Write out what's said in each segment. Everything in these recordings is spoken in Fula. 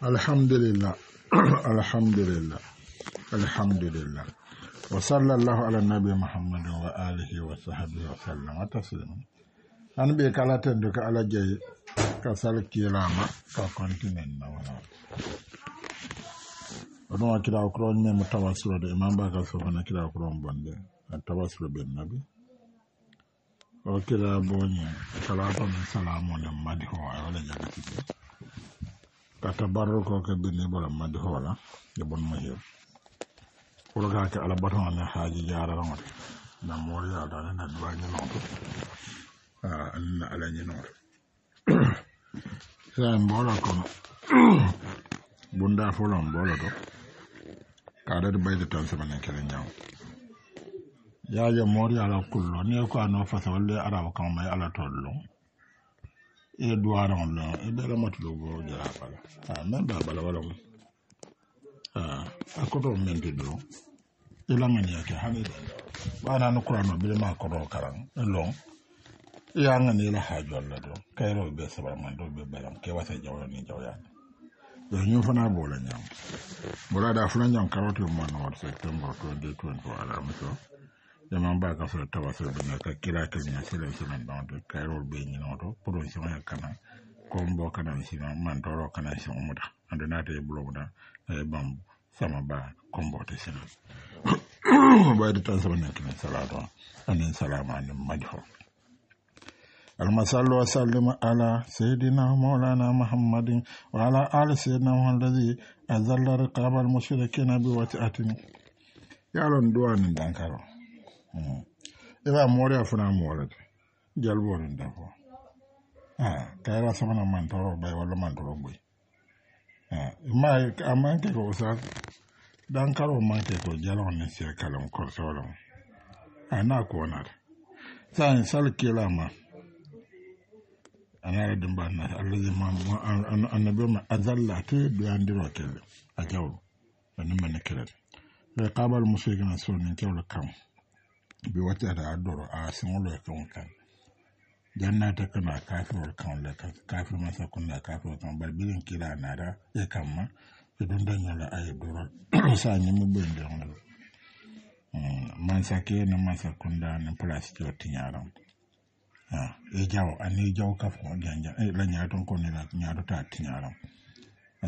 alhamdulillah alhamdulillah alhamdulillah wa salla llahu ala nabi muhammadin wa alihi wa sahabihi wa sallam a taslima an ɓe kala tendu ko alah jeyi ka salkilama ka continen nawana o ɗum a kirawo kuron men mo tawasurode imam bakal sofana kirawo kuron bonde a tawasuro ɓe nabi o kira boñi kala bamen salamu nde madi ho a wala jagatiɓe kata barro ko ke binni bala madde hola de bon ma hew wala ka ke ala bato na haaji jaara ron wat na mori ya da na dwa ni non to a anna ala ni non sa mbola ko bunda fo lon bola to ka da bay de tan sama ne ke ni nyaaw ya ya mori ala kullo ni ko ano fa sa wala ara ko ma ala tollo e duwaraŋo la e bela matulo go jara bala meŋ baa bala wala ko a koto meŋ te doro e la ŋaniya ke hani baana ni kurano bele maa koto karaŋ e e ye a ŋaniya la haajuwal la do kayiro be sabaraŋando be balaŋ ke wasa jawla ni jawyaani ñiŋ fana boo la ñaŋ bula daa fula ñaŋ karoti manuwar septembre 2021 alamuso jaman ba ka sɔrɔ taba sɔrɔ bɛ ka kira kelen na sira si man dɔn to kayɔrɔ bɛ yen ɲinɛ to porosɔn ya kana kɔn bɔ kana si ma man tɔɔrɔ kana si mu da a don n'a ta ye bulon da a ye ban samaba kɔn bɔ tɛ sira ba da tan saba ne kelen sala dɔn ani salama ani majɔ المصلي وسلم على سيدنا مولانا محمد وعلى آل سيدنا محمد الذي أذل رقاب المشركين بوتأة يعلن دوان دانكارو i b'a mɔdɛl fana mɔdɛl jali b'o nin dafɔ ka yɛrɛ sama na man tɔɔrɔ ba ye wala man tɔɔrɔ bɔ ye m'a ye a man kɛ k'o sa dan kalo man kɛ k'o jalaw ni sɛ kalan a n'a kɔnna dɛ saa in sali kela ma a n'a yɛrɛ dun b'a na alaji ma annabi ma azali e a tɛ don an dirɔ kɛlɛ a jaw ani mɛnɛ muso bi wata da adoro, a siŋolo e kaŋo kaŋ janna ta a kafirol kaŋo le ka kafir masa kono a kafirol kaŋo bari biriŋ kila a naata kan ma e don la a ye doro sa ñimmi ɓendeŋo le mansake ni mm, mansa kunda ni place kio tiñaram e jaw ani jaw kafo janja eh, la ñaaton ko ni la ñaatota tiñaram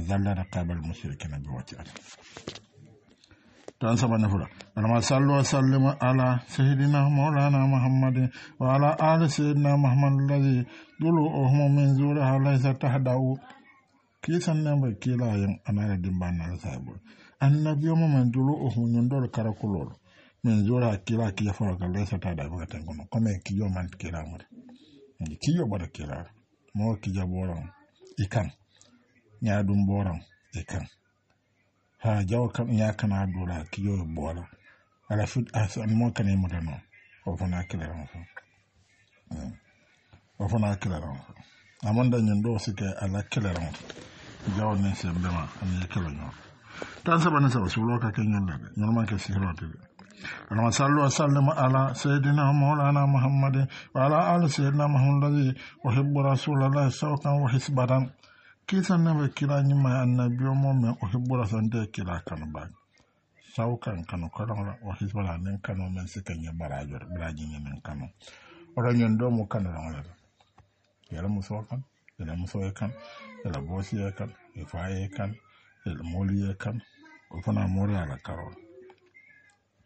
zallata kabal musirikina bi wati don saba nafura alama sallu wasallima ala sayidina maulana muhammadin wa ala ali sayidina muhammad alladi dulu ohumo min zuraha laysa tahdau kisanne mbe kilayen anara dimbanal saibol annabio momen dulu ohu ñondoro kara kulol min zuraha kila kiyafoloka laysa tahda fokatenkono comme kijo man kilamude kijo bota kilare mo kijo boron i kan ñaa ɗum boron i kan ha jawa kam e yakana dola kijo bola ala fut asan mo kane mo dano o fana kilara mo eh. o fana kilara mo amon da nyon do sike ala kilara mo jawa ne se bema an ye kilo nyo tan sa banan sa ba sulo ka ke nyon lade nyon man ke si hiro tibi ana masallu wa sallam ala sayyidina maulana muhammadin wa ala ali sayyidina muhammadin wa hibbu rasulullahi sawqan wa hisbatan kisanabe kilañima e annabio momen o heɓɓuratonde kila kanobaɓe saw kan kano kalola o hisbala nin kano men sika ñe barajore ɓiraƴiñe nin kano oroñon do mo kanoronlere yala muso kan yala muso e kan yala boosiye kan e faye kan yala moliye kan o fana moori ala karol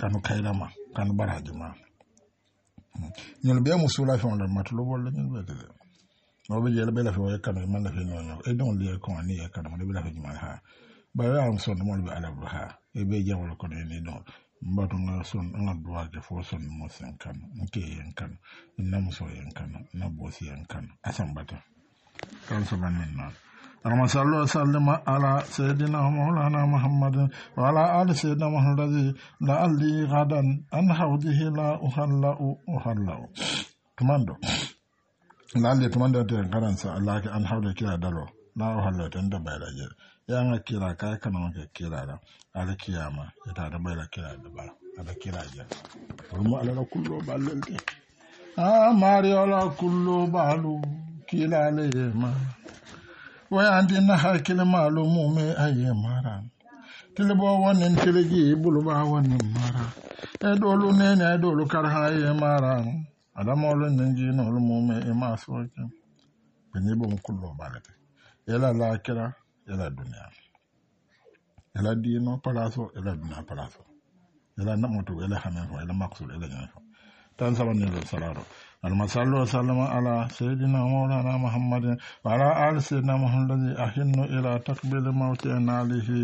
kanu kayrama kanu baraji ma hmm. ñalbe mo suula fewo le matlobolle ñalbeede de o ɓe jeele ɓe lafi o yekkata man lafi noon e ɗon liye kon ni yekkata mo ɗe ɓe lafi juman ha ɓawe am sondomol ɓe alabla ha e ɓe jawol kono eni ɗon mbaɗu nga son nga duwake fo son mo sen kan nke yen kan namuso yen kan nabosi yen kan asambata kan sobanin noon اللهم صل وسلم على سيدنا مولانا محمد وعلى آل سيدنا محمد الذي لعلي غدا عن حوضه لا أهلأ أهلأ كمان lalle tuma da ta karansa Allah ke an haula kira dalo na halle tan da bayra je ya na kira ka kana maka kira da ala kiyama ita da bayra kira da ba ala kira je rumu ala kullu ballan ke a mari ala kullu balu kila le ma an din na hakil malumu me ayi mara tilbo wannan bulu ba wannan mara e dolu ne ne dolu kar haye mara adama olon nanjino hol mume e masoke ɓe neɓo mo kullo ɓalete yala lakira yala duniya yala dino palace o yala duniya palace o yala namoto yala hamen fo yala maksul yala ñane fo tan sabanilo salaro alma sallu wa sallama ala seydina maulana mouhammadin wa ala ali seydina mouhamadi ahinno ila takbile mawte naalihi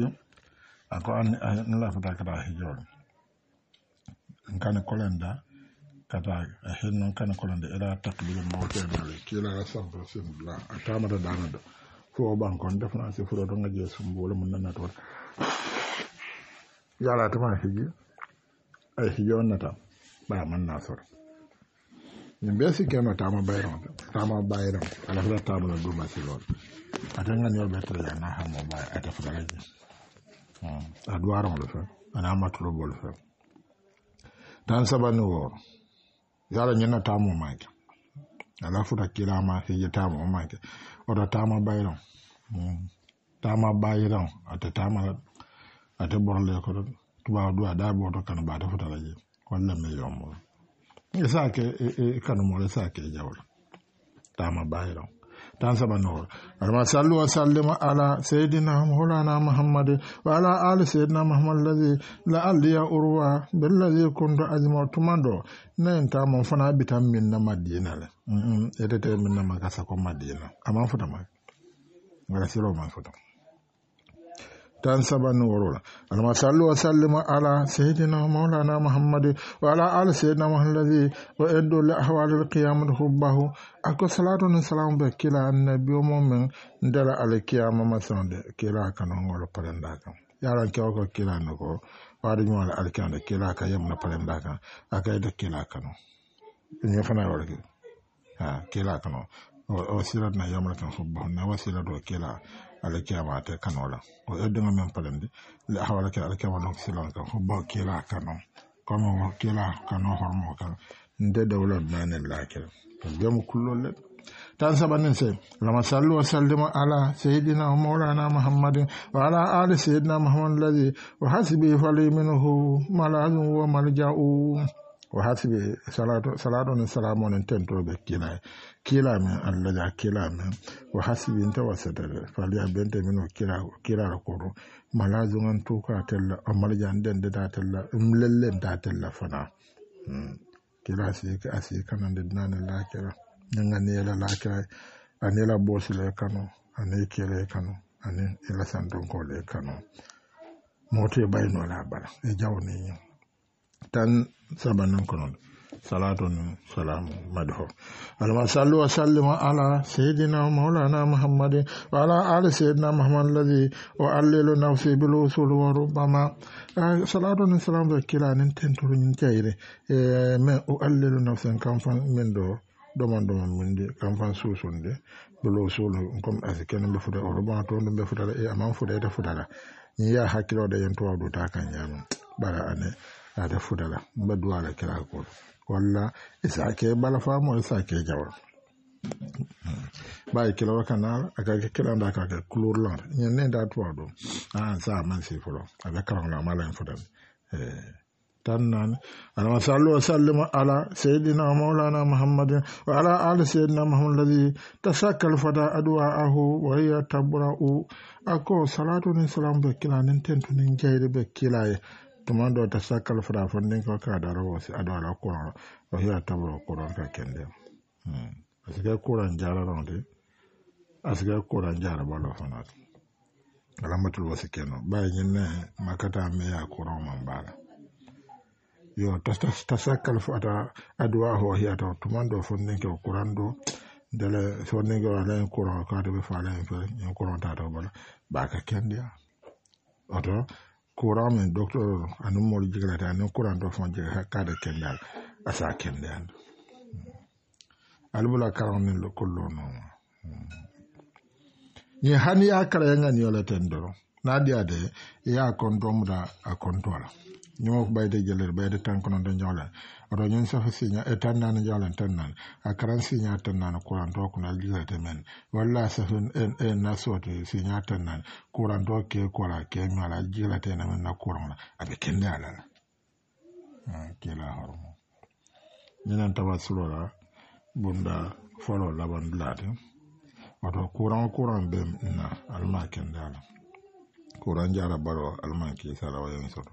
ako anni ahinno lafatakata hijoole kane kolenda kataake a hennon kana kolonde eɗa takkidire mawteɗale kiilara sampa sembla a tamata danada fo ɓan kon defna si furo tonga je sumbole mum nannatota yalatama hiji ay hiji on natam ɓaman nasora min mbiya sikkeno tama bayronke tama bayron aɗa fota tamala duma silol atengani yoɓe tayana hamo bay ata fotaraji a duwaronle fen ana matrobol fen tan sabani wooro yala nyina tamu make ta kila ma hije tamu make mm. oto tama bayron tama bayron ata tama ata borle ko tuba do ada boto kan ba ta futa laje walla me yomo e, kanu mo ke jawla tama bayron tan saba nooro aɗama sallu wa sallima ala seydina molana mahammade wa ala ali seydina mahammad lladi la alliya urwa bellahi kunto ajima tumando nayin ta mon fana bitan minna madina le edete minna makasa ko madina aman futamaka wala siro man futama dan sabani warwara almasallu wa ala sayyidina maulana muhammad wa ala ali sayyidina muhammad wa yadda la ahwal al hubbahu salatu na salamu bai kila annabi mumin yaran kyau ko kila na ko wadin kila ka yam na kila ha kila sirat na kan hubbahu na kila alkiyama te kano la o eddoŋa meŋ palendi le hawala ke alkiyama nok silan kan hobba kila kano kono kila kano hormo kan nde dawla nanen lakira jemu kullol le tan saɓanin se lama sallu wa sallimu ala sayidina wa maulana muhammadin wa ala ali sayidina muhammadin ladi wa hasibi fali minhu malazun wa malja'un o hasiɓe salaɗo ne salamonen tentoɓe kiilae kiilamen allah ja kiilamen o hasiɓin tawa setere faliya bente min o kiirara koro malajogan tuka tella o malajan dende da tella um lellen da tella fana hmm. kila sik asi kana ndednane lakira nagani ela lakira ani ela bosile kano ani kele kano ani ela santonkole kano moto e bayno labala e jawniñum tan saba non ko non salatun salamu madho alama sallu wa sallima ala sayidina maulana muhammadi wa ala ali sayidina muhammad alladi o allilu nafsi bil usul wa rubama salatun ah, salamu ɓe kilanin tentoru ñin cayre e mais o allilu nafsin kam fan min ɗo ɗoman ɗoman minde kam fan susunde bil usul comme asi kene ɓe fuɗa o rubama to ɗum ɓe fuɗala e aman fuɗa ete fuɗala ñin ya hakkiloɗe yen towawɗo ta kan yamen ɓara anee ata futala ba duwala kira kol walla isake bala famo isake jawa baye kilawo kanala aka ke kila nda kake clor lan ñe ne nda tuwa ɗum aan sa mansi folo aɓe karangla mala en futani e, tan nani alama sallu wa sallima ala seydina maulana muhammadin wa ala ali seydina mahamad ladi tasakkal fada adwa ahu waya tabra u ako salatu ni salamu ɓe kila nin tentu nin jeyri ɓe kilaye tuma dɔ ta sakal fara fon den ka adara ko o hiya tabro ko ka kende hmm asiga ko ran jara ron de asiga ko ran jara balo fana alamatul wasi keno ba yin makata me ya ko ron man bala yo tasakal adwa ho hiya to tuma dɔ fon den ko kuran do ala ka de ta ba ka kura min doctor ani mori jigrata ani kuran dɔ fɔ jɛgɛ kada kɛnde ala a sa kɛnde ala alibula karan ni kollo nɔ ma nin hani y'a kara yanga ni yɔrɔ tɛ n'a di a y'a da a kɔntɔ la ɲɔgɔn ba de jɛlɛ de tan oto ñiŋ sefu siña e tan naani jawlan tan naani a karaŋ siña tan naani kurantoo kuna jilete men walla sefu e nasoto siña tan naani kurantoo kee kola kee ñola jilete na men na kuraŋo la a be kende a la la kila horomo ñinen taba sulo la bunda folo laban dulaate wato kuran kuran be na alma kende ala kuran jara baro alma ke sara wayan soto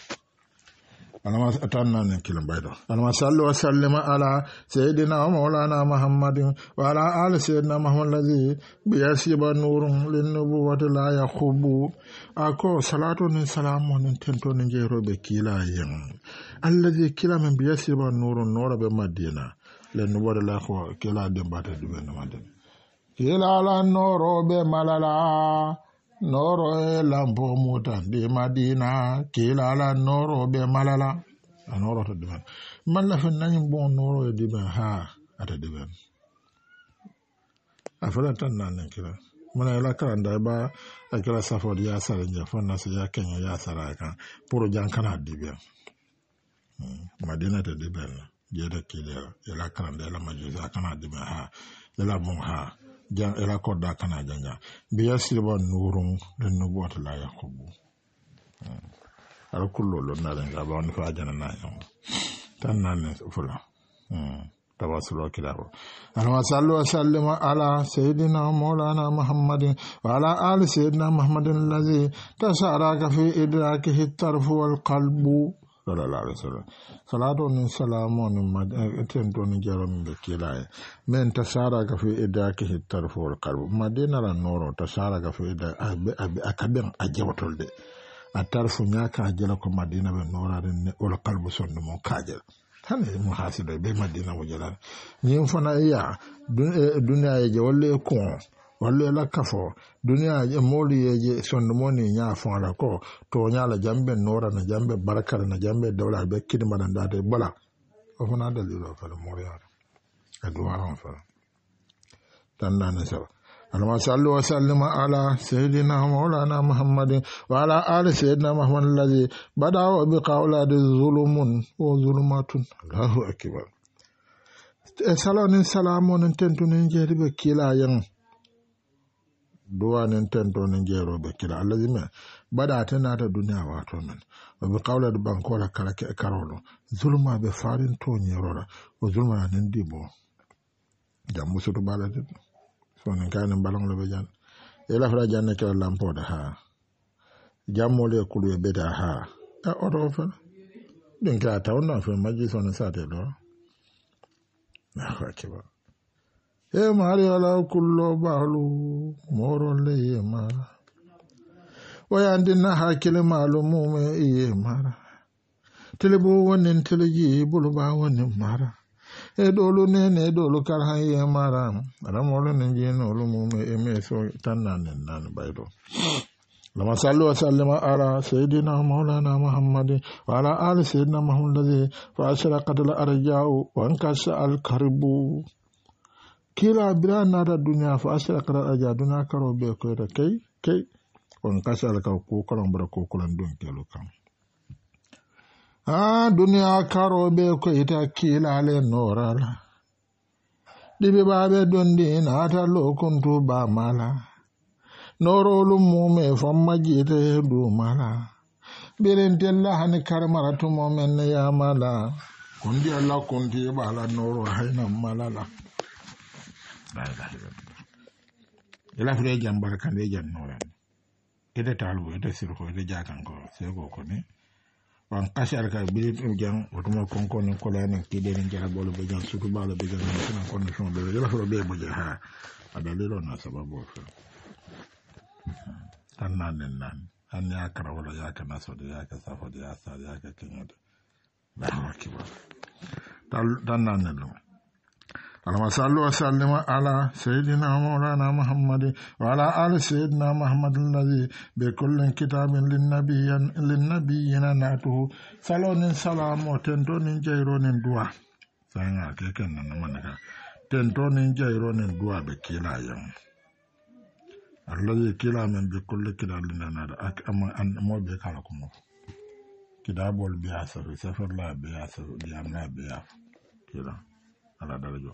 alama tannane kilo mbayɗo alama salli wa sallima ala seydina o maolana mahammadin wa ala ali seydina mahamadlladi biyasiba nourum linnubuwati la yahubu ako salatu nin salamu nin tentoni jeyroɓe kiilayen alladi kilame biyasiba nourum noraɓe madina linnubuwati la kila dimbata ɗumenmaden kiilala noroɓe malala noro e lambo mota ndi madina kilala noro be malala a noro to diman malla fen nani bon noro e diman ha ata diman a fela tan nan nan kila mana yala e kala nda ba a kila safo di yasara nja fon nasa ya kenya yasara ya kan puro jan kana diban hmm, madina ta diban jeda kila yala e kala nda yala majuza kana diban ha yala bon ha ela kodda kana janja mbiya siriba nurum den no bota la yakubu hmm. ala kullo lo nare nga ba ni fajana na yo tan nan fula hmm. tawasulo kidaro ala wa sallu wa sallima ala sayidina maulana muhammadin wa ala ali sayidina muhammadin allazi tasara ka fi idraki hitarfu wal qalbu sallallahu alaihi wasallam salatu ni salamu ni maten eh, to ni jaram be kilaye men tasara ga fi ida ke madina ran noro tasara ga fi ida de atarfu nyaka ko madina be nora den ne ol qalbu sonno mo kajel tan mo hasido be madina mo fana eh, ye ko wale la kafo dunia je moli ye sondo moni nya fonra ko to nya la jambe nora na jambe barkar na jambe dola be kidi na de bala o fana dalilo fala moriya addu'a on fa tan nan sa اللهم صل وسلم على سيدنا مولانا محمد وعلى آل سيدنا محمد الذي بدأ بقول ظلم وظلمات الله أكبر salanin salamonin tentunin jeribe kila yan duwanin tentonin gero bakira alazima bada tana bada duniya wato men o be kawla de bankola kala karolo zulma be farin to nyerora o zulma nin dibo jam musutu bala de so kanin balon lo jan e la fra janne kala lampo da ha jammole kulu e beta ha e oto fe ɗin ka tawna fe majji sona sate ɗo akwa kibar yema ari ala kullo baalu moro le yemara wa ya dinna hakile maalu mume yemara tele bo wonen tele ji bulu ba wonen mara e dolu ne ne dolu kar ha yemara ara molo ne ji no lu mume e me so tanana nan baydo لما صلوا وسلم على سيدنا مولانا محمد وعلى آل سيدنا محمد الذي فأشرقت الأرجاء وانكس الكرب kila bila nata duniya fo asira kara aja duniya karo be koyta kei kei on kasi ala ka kukulan bura kukulan dun kelo kam a duniya karo be koyta kila ale nora la dibi babe dondi nata lo kuntu ba mala noro lu mume famma jite du mala birin tella hani karmara tumo men ya mala kundi alla kundi bala noro hayna malala la ilaha illallah ila fure jam barkande ite talu ite sirko ite jakanko seko kone wan kasar ka bilit um otuma konko ni kola ni kide ni jara bolo be jang sutu balo be jang na condition be ila fure be mo jaha adalilo na sababu fure tan nan nan an ya kara wala ya kana so da ya ka safo da ya sa da ya ka kinyo da ba ki ba tan nan nan المصلو وسلم على سيدنا مولانا محمد وعلى آل سيدنا محمد الذي بكل كتاب للنبي للنبيين ناته صلون سلام وتنتون جيرون دعاء سيدنا كيكا نمانكا تنتون جيرون دعاء بكلا يوم الذي كلا من بكل كتاب لنا ناته أما أن مو بيكا لكم كتاب البياسة سفر لا بياسة ديام لا بياسة كلا على درجة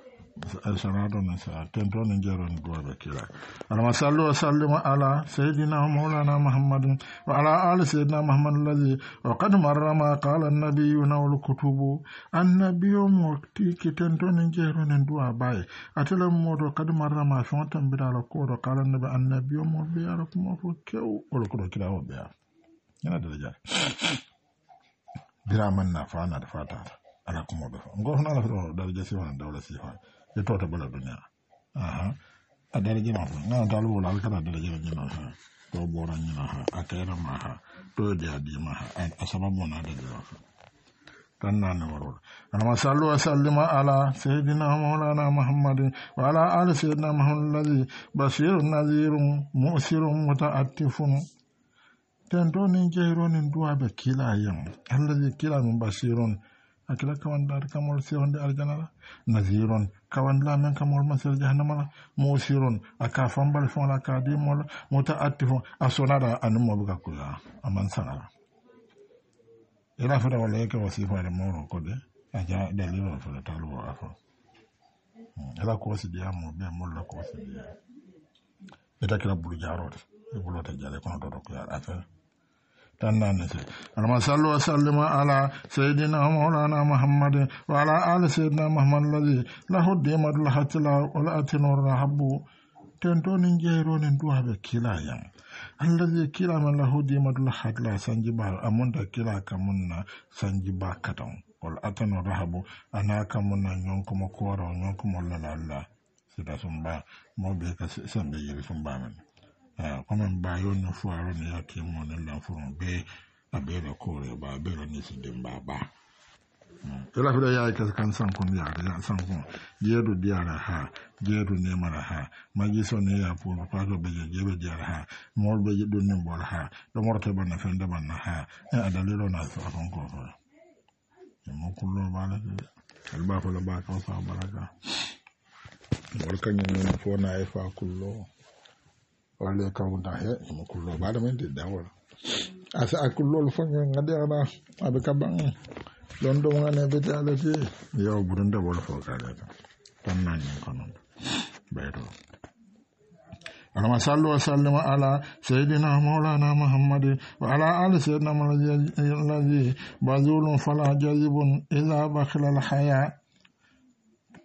el Senado ni Templo de Jerón Gloria Kira. Alma salu wa sallim ala Sayyidina Mawlana Muhammad wa ala ali Sayyidina Muhammad alladhi wa qad marra ma qala an-nabiyyu wa al-kutubu an-nabiyyu mukti kitanto ne jero ne duwa bai atala moto qad marra ma shon tambira la ko do qala an-nabi an-nabiyyu mukti ya rakum fu kew o ko do kira wa biya yana da daja dira man na fa na da fata ala kuma do ngor na la do daraja si wa daula si fa e toto bala duniya aha a daraja ma fa ngana ta alwala alkara daraja ma jina ha to bora jina ha a kaira ma ha to da di ma ha a sababu na da jina ha tan na ne waro anama sallu wa sallima ala sayyidina maulana muhammadin wa ala ali sayyidina muhammadin ladhi basirun nazirun mu'sirun muta'attifun ten to nin jeyronin duwa ɓe kila yen allahi kila min basirun akila kawandar kamol sewonde aljanala nasiron Kawandla men ka mol masir jahannama la musirun aka fambal fon la ka di mol muta attifon asonada anum mo buka kula aman sanala ila fada wala yake wasifa da moro ko de aja dalilo fada talu afo ila ko si dia mo be mol la ko si dia ita kila bulu jarot bulu ta jare kono do ko yar affaire tannanese almasallu wa sallima ala sayidina maulana mahammadin wa ala ali sayidina mahamad alladi lahu dimat lahatila olatinor rahabu ten to nin jeyronin duwaɓe kilayam alladi kilama lahu dimat lahatila sanjiba amunta kila kamunna sanjiba katan ol atano rahabu ana kamunna yonkomo kowara o yonkomo lala allah sita sumba mo ɓe ka sembe yiri sumbamen Ah, Kwame Mbayo no fo aro ne yake mo ne lamfo be abere kore ba abere ne su dimba ba. Ela fida ya ka kan san kun ya da san kun je do diara ha je do ne mara ha magi so ne ya po pa do be je be diara ha mor be do ne bor ha do mor te ban fen da na ha e adalero na so kon ko ko. Mo kullo ba la alba ko la ba ka fa baraka. Wal kan ne fo na e fa kullo. wale kawda he mo kullo baade men de dawol asa akullol fo ngi ngade ana abe kaban don do ngane be tala ti yo burun da wol fo kala ta tan nan ni kono bayro Allahumma salli wa sallim ala sayyidina Maulana Muhammad wa ala ali sayyidina Muhammad bazulun fala jazibun idha bakhala al-haya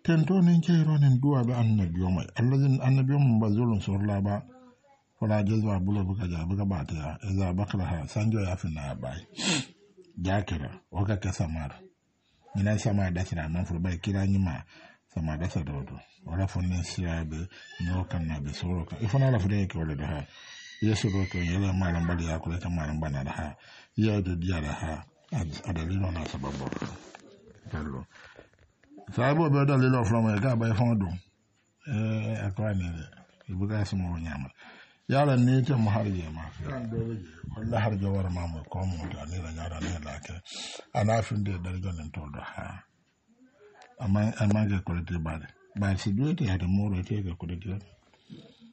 tentoni jeyronen duwa be annabiyo mai alladhi annabiyo mun bazulun sur laba wala jazwa bula buka ja buka bataya iza bakraha sanjo ya fi na bai jakira o ka samar ina sama da sira man fur bai kira ma sama da sa dodo wala fonne siya be no kan na ka ifana la fure ke da ha yesu do to yala malam bali ya kula ta malam bana da ha ya do ha a dalilin na sababu ga yaran ne ta mu har ma wallahi har jawar ma mu ko mu ta ne da yaran ne da ke ana fin da darga nan to da ha amma amma ga kurete ba da ba su biyo ta da moro ta ga kurete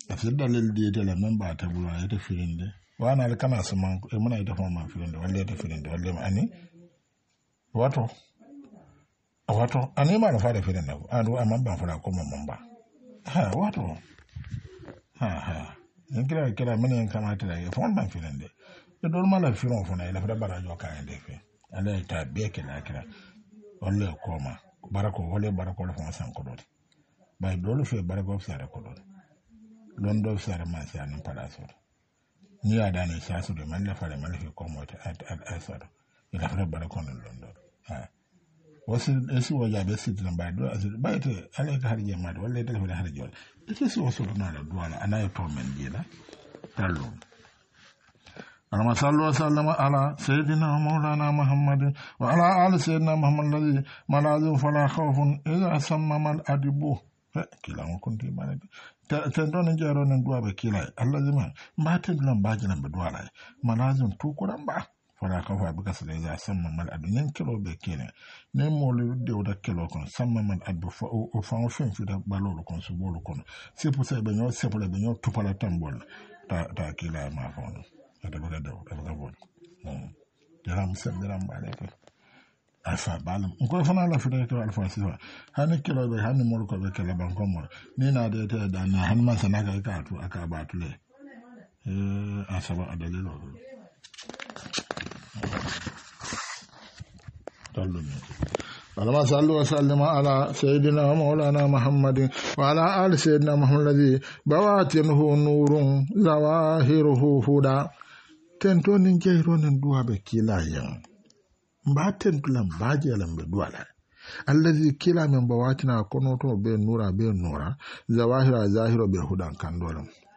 a fi dalil da ya la nan ba ta bura ya ta firin da na da kana su man eh, yi muna ita fama firin da wallahi ta firin da wallahi ani wato wato ani ma na fara firin da an amma ban fara kuma mun ba ha wato ha ha n kira kira minnu ye kama tila ye fɔn ban filɛ dɛ e dɔw ma lafiya o fana ye lafiya baara jɔ kan de fɛ ala ye ta bɛɛ kɛlɛ kira olu le kɔ ma baara ko wale baara kɔlɔ fana san dole de bari dɔw fɛ baara ko fisa yɛrɛ kɔrɔ de lɔn dɔw fisa yɛrɛ sa ani pala sɔrɔ n'i y'a dan ni sa sɔrɔ mali lafa la mali fɛ kɔ mɔ tɛ a sɔrɔ i lafiya baara kɔnɔ lɔn dɔ wasu wajabe sidilan bai do a ba ita ala ita har wale wala ita lafiya har jama'a resi o sotunaɗa duwala anayi to men jiɗa tallum alama sallu wa sallama ala sayidina maulana mahammadin wa ala ali sayidina mahammad lladi malajum fala haufun ida sammama l adibu kilao kontimanede ten ɗone jeeronen duwaɓe kilay allahdi ma mbatenɗilan mbajilan ɓe duwalay malajum tukuɗan mba wala ka fa bika sala ja samma mal adu nyen kelo be kene ne molu de oda kelo kon samma man adu fa o fa o da balolo kon su bolu kon se pour se be nyo se pour be pala ta ta kila ma fa no ada da ada baka bon jaram sem jaram bale alfa balam ko fana la fita to alfa sifa hani kelo be hani be ni na ka ka tu aka eh اللهم صل وسلم على سيدنا مولانا محمد وعلى ال سيدنا محمد الذي بواتنه نور ظواهره هدى تنتون جيرون دوا بكلا ين باتن لم باجلم بدوا allazi kila min bawatina kono to be nura be nura zawahira zahiro be hudan kandolam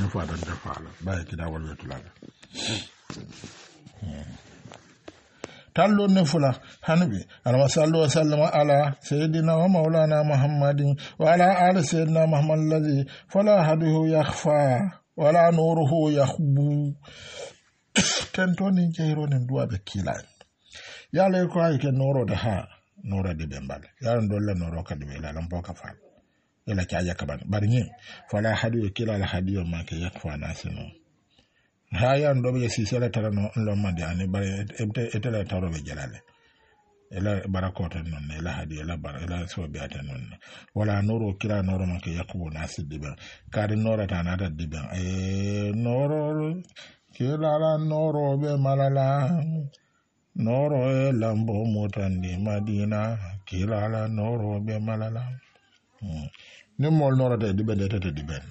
fa fatan ta fa'ala baya kida tula yatulaga hmm. tallo ne fula hanbe alama sallu wa sallama ala sayyidina wa maulana muhammadin wa ala ali sayyidina muhammad alladhi fala haduhu yakhfa wala nuruhu yakhbu kentonin jehironin duwa da kila Ya ko ay ke noro da ha noro de ya yaran dole noro ka de be lalan boka ila ke a yakaban bari ñin fola hadiyo kila la hadiyo ma ke yak fana sino ha yan do be sisele tarano lo mande ani bari ente etele e, e taro be jalale ila e barako ta non ila hadi ila bar ila so be ata non wala noro kila noro ma ke yakbu nasib diba kare noro ta na ta diba e noro kila la noro be malala noro e lambo motandi madina kila la noro be malala 嗯。Mm. nin mool norata e ɗuɓe ndetete ɗuɓen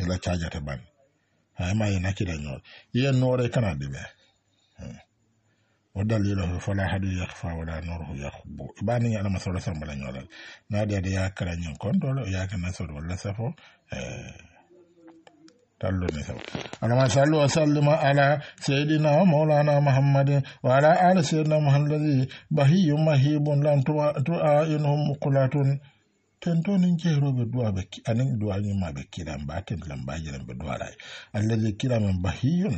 ila e cajate bani ayma yi nakkita e ñoore yiyen noore e kana ɗuɓe hmm. o dalila fe fala hadu yahfa wala norhu yahbu ɓani anama sola sam bala ñoolal naadeede yakkara ñin kontole yaka nasod walla safo talluni saw alama sallu wa sallima ala seydina maulana mahammadin wa ala ali seydina mahamadi bahiyu mahibun lan tuainuhum muqulatun tentoni jeeroɓe duwaɓe anen duwañuma ɓe kiran ba tentlan mbajiran ɓe duwalay allalle kiramen bahiyun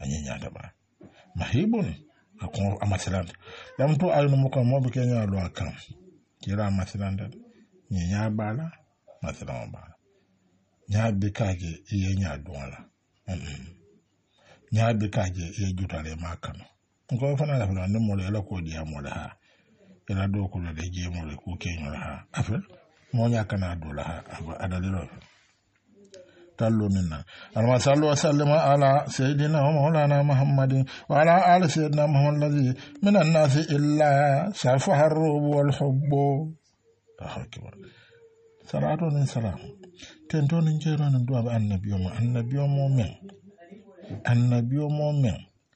a ñeñatama mahibun akon amasilanta ɗam to aynumu kam moɓe keñalo a kan kira amasilanta ñeña bala masilama bala ñaɓe kaje iye ña duwala ñaɓe kaje iye jutale ma kano ko fana la fana ne mole ala ko diya mole ha ira do ko lade jeemole ko keñol ha affaire moñakana dola ha ba adalilo tallo minna alma sallu wa sallima ala sayidina wa maulana muhammadin wa ala ali sayidina muhammad lladi min annasi illa safaha rubu walhubbo allahuakbar salato nin salam ten to nin jeyro nin duwaɓe annabiyo mo annabiyo mo min annabiyo mo min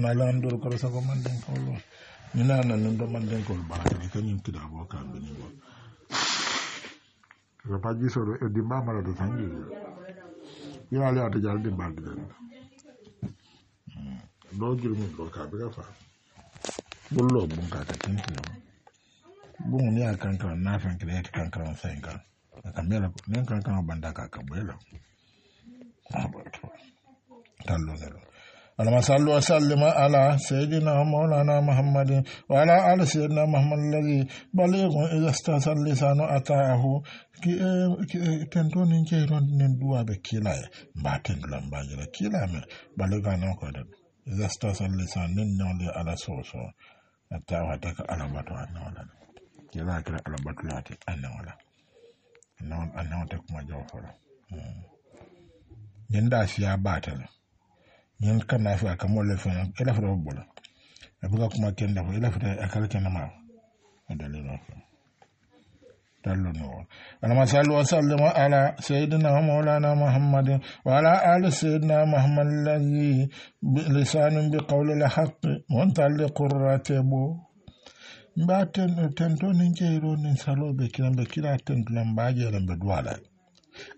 ana lan dol ko sago man den ko lo ni na na ndo man ko ba ni kan yin kida bo kan ni bo ko pa ji so e di mama la do sangi yo ala ta jal di bal den do jir mu do ka ka fa ka tin ni kan na fan kan kan kan kan banda ka اللهم wa وسلم على سيدنا مولانا محمد وعلى آل سيدنا محمد الذي بليغ إذا لسان duwa ba da ala soso kila kira kuma ñin kanna fe a kamolle fen ila fota bola a buga kuma kenn fo ila fota a kala kenda ma o dalilo ko tallu no ma sallu wa sallama ala sayyidina wa maulana muhammadin wa ala ali sayyidina muhammad alladhi lisanun bi qawli al haqq muntaliqur ratibu mbaten tento nin jeyro nin saloɓe kilan ɓe kila tentulan mbajeelan ɓe duwalani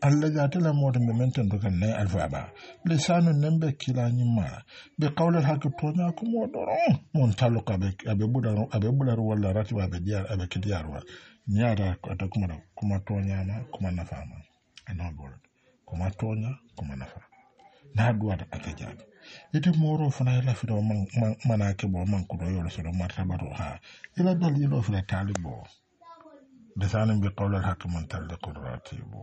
allegatelem wotoɓe men ten dokan nayi alfaɓa lisanu nen ɓe kilañimma ɓe kawlel hakke toña kumo ɗoron mon talluk aɓe ɓuɗar aɓe ɓuɗar walla ratiba aɓe ɗiyar aɓe kiɗiyarwal niyata ata kumaɗa kuma toñama kuma nafama ma kuma toña kuma nafa na duwata aka jaabi ite moro fana ila fito mana keɓo mankuɗo yolo soɗo martabato ha ila dal yilo fila talibo lisanin bi qawlal hakimin talli bo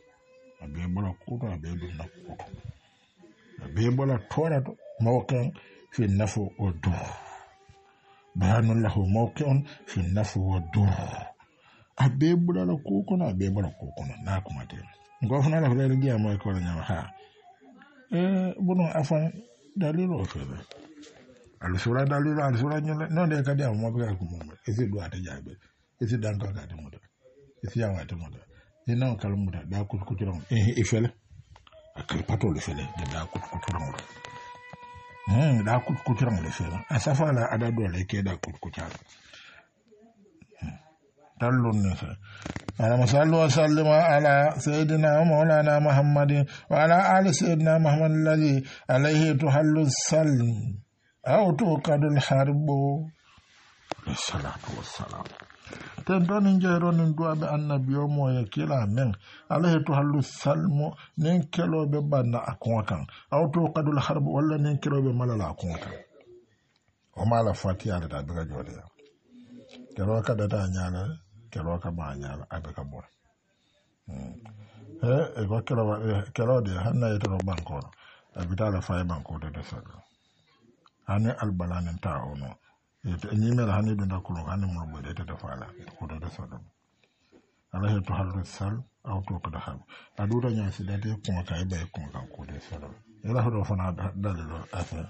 abe bɔla kuutu abe dunna kuutu abe bɔla tɔɔra mɔɔkɛn fi nafu o duuru bayanu lahu mɔɔkɛn fi nafu o la n'a kuma tɛ nka o fana la ha ee bunu afan dalilu o fɛnɛ dalilu alisura ɲɛlɛ n'o ka di a mɔɔ bɛ ka kuma ma esi don a tɛ jaabi esi ka ne nan kalmu da da kutukuturan eh ifele akal patol ifele da da kutukuturan hmm da kutukuturan ifele asafa la ada ke da kutukuturan tallun nisa اللهم صل وسلم على سيدنا ومولانا محمد وعلى آل سيدنا محمد الذي عليه ten tonin jeyronin duwaɓe annabiyo ya kila men alaye to hallu salmo nin keloɓe banna a koga kan aw to kadul harbo walla nin keloɓe malala a koga kan o mala fati alata aɓe ka jooɗeya kero ka data a ñala kero ka ma a ñala aɓe ka ɓora e ko keloɗe e, hannaye toro bankoɗo abitala e faye bankoɗe de saɗo hani albalani ta ono ñimel hani ɓe dakkulum hani mum ɓe ɗetede faala koɗo resa ɗum ala he ta hallu sal awto koɗo hal a ɗuɗa ñasidate kuma ka ɓe kuŋo kan kuude seɗol ela hoɗo fana dalilo affaire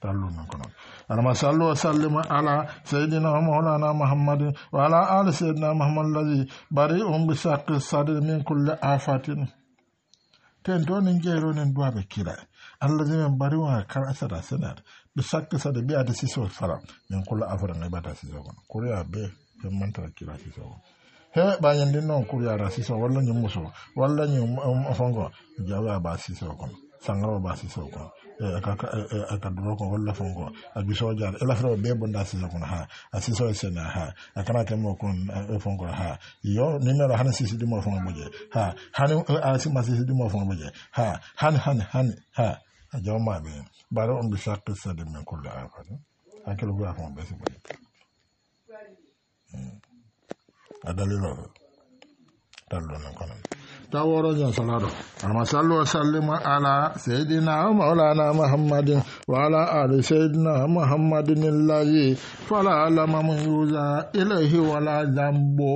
sallu min kono alama sallu wa sallima ala sayidina wa maulana muhammadin wa ala ali sayidina muhammad lazi bari um bi saqqi Bari, min kulli afatin ten to nin jeyro nin duwaɓe kila allah jimen bari wa kar asata senat ɓe sakki sade mbiya de siso fara min kulla afara nga ɓata siso kono kuriya be ɓen mantara kira siso kono he ɓayandi noon kuryara siso walla ñum muso walla ñum fongo jawa ba siso kono sangaro ba siso kono e, aka e, e, duro ko walla fongo a biso jar ela fro be bonda siso kono ha a siso sena ha a kana ke mo kon fongo ha yo nimero han sisi dimo fongo boje ha han a sima sisi dimo fongo boje ha han han han ha a jawma ɓe bara on ɓe sakkissade min kulle afata hakkilo goya kon ɓesi ɓoyi hmm. a dalilore na kono taworojen salado ama sallu wa sallima ala sayidina maulana muhammadin wa ala ali sayidina muhammadin illahi fala alama mun yuza ilahi wala dambo